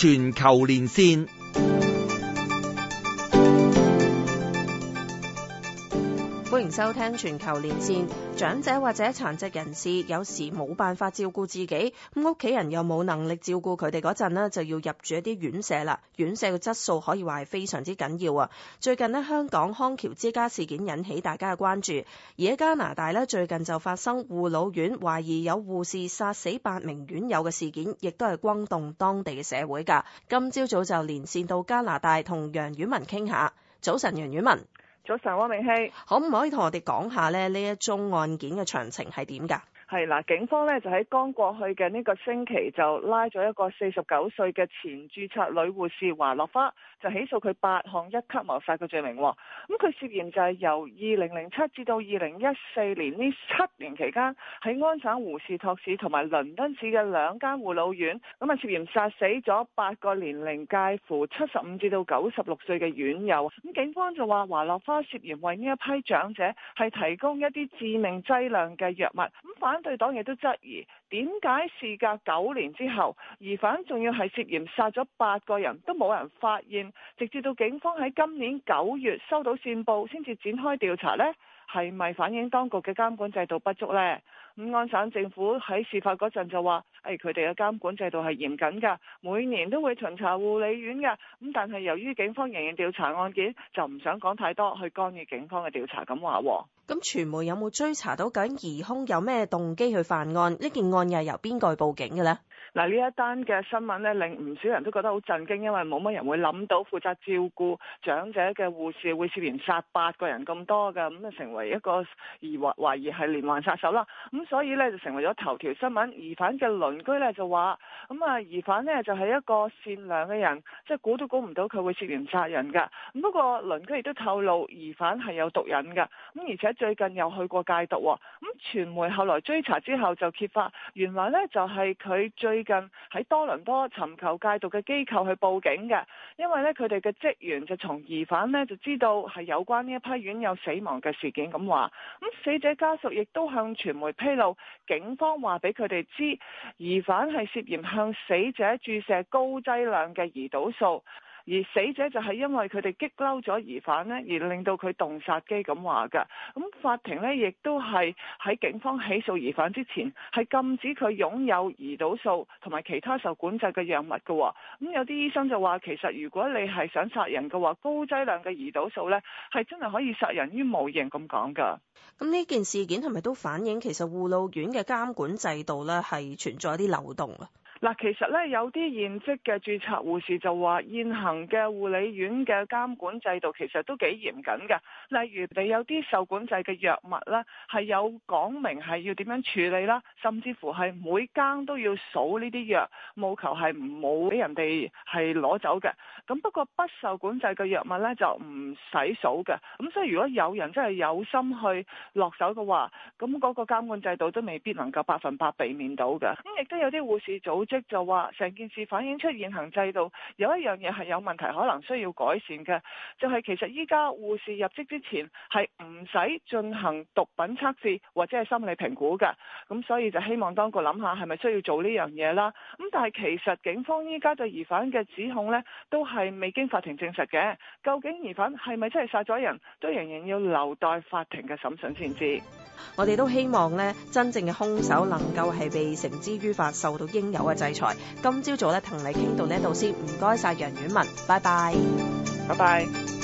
全球連線。歡迎收聽全球連線。長者或者殘疾人士有時冇辦法照顧自己，咁屋企人又冇能力照顧佢哋嗰陣呢，就要入住一啲院舍啦。院舍嘅質素可以話係非常之緊要啊。最近呢，香港康橋之家事件引起大家嘅關注，而喺加拿大呢，最近就發生護老院懷疑有護士殺死八名院友嘅事件，亦都係轟動當地嘅社會噶。今朝早就連線到加拿大同楊婉文傾下。早晨，楊婉文。早晨，汪溟曦，可唔可以同我哋講下咧呢一宗案件嘅詳情係點噶？係啦，警方呢就喺剛過去嘅呢個星期就拉咗一個四十九歲嘅前註冊女護士華樂花，就起訴佢八項一級謀殺嘅罪名。咁佢涉嫌就係由二零零七至到二零一四年呢七年期間，喺安省胡士托市同埋倫敦市嘅兩間護老院，咁啊涉嫌殺死咗八個年齡介乎七十五至到九十六歲嘅院友。咁警方就話華樂花涉嫌為呢一批長者係提供一啲致命劑量嘅藥物。咁反對黨亦都質疑，點解事隔九年之後，疑犯仲要係涉嫌殺咗八個人，都冇人發現，直至到警方喺今年九月收到線報，先至展開調查呢？係咪反映當局嘅監管制度不足呢？五安省政府喺事發嗰陣就話，誒佢哋嘅監管制度係嚴謹㗎，每年都會巡查護理院㗎。咁但係由於警方仍然調查案件，就唔想講太多去干預警方嘅調查咁話。咁傳媒有冇追查到緊疑兇有咩動機去犯案？呢件案又係由邊個去報警嘅呢？嗱呢一單嘅新聞呢，令唔少人都覺得好震驚，因為冇乜人會諗到負責照顧長者嘅護士會涉嫌殺八個人咁多㗎，咁啊成為一個疑懷疑係連環殺手啦。咁所以呢，就成為咗頭條新聞。疑犯嘅鄰居呢，就話，咁啊疑犯呢，就係一個善良嘅人，即係估都估唔到佢會涉嫌殺人㗎。咁不過鄰居亦都透露疑犯係有毒癮㗎，咁而且最近又去過戒毒。咁傳媒後來追查之後就揭發，原來呢，就係佢最近喺多倫多尋求戒毒嘅機構去報警嘅，因為呢，佢哋嘅職員就從疑犯呢就知道係有關呢一批院友死亡嘅事件咁話，咁死者家屬亦都向傳媒披露，警方話俾佢哋知疑犯係涉嫌向死者注射高劑量嘅胰島素。而死者就係因為佢哋激嬲咗疑犯咧，而令到佢動殺機咁話嘅。咁法庭呢，亦都係喺警方起訴疑犯之前，係禁止佢擁有胰島素同埋其他受管制嘅藥物嘅。咁有啲醫生就話，其實如果你係想殺人嘅話，高劑量嘅胰島素呢，係真係可以殺人於無形咁講㗎。咁呢件事件係咪都反映其實護老院嘅監管制度呢，係存在啲漏洞啊？嗱，其實咧，有啲現職嘅註冊護士就話，現行嘅護理院嘅監管制度其實都幾嚴謹嘅。例如你有啲受管制嘅藥物啦，係有講明係要點樣處理啦，甚至乎係每間都要數呢啲藥，務求係唔好俾人哋係攞走嘅。咁不過不受管制嘅藥物咧，就唔使數嘅。咁所以如果有人真係有心去落手嘅話，咁嗰個監管制度都未必能夠百分百避免到嘅。咁亦都有啲護士組。即就話成件事反映出現行制度有一樣嘢係有問題，可能需要改善嘅，就係其實依家護士入職之前係唔使進行毒品測試或者係心理評估嘅，咁所以就希望當局諗下係咪需要做呢樣嘢啦。咁但係其實警方依家對疑犯嘅指控呢，都係未經法庭證實嘅，究竟疑犯係咪真係殺咗人，都仍然要留待法庭嘅審訊先知。我哋都希望呢，真正嘅兇手能夠係被繩之於法，受到應有嘅制裁，今朝早咧，同你傾到呢一度先，唔該晒，楊婉文，拜拜，拜拜。